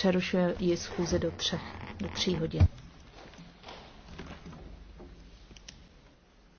přerušuje ji schůze do, tře, do tří hodin.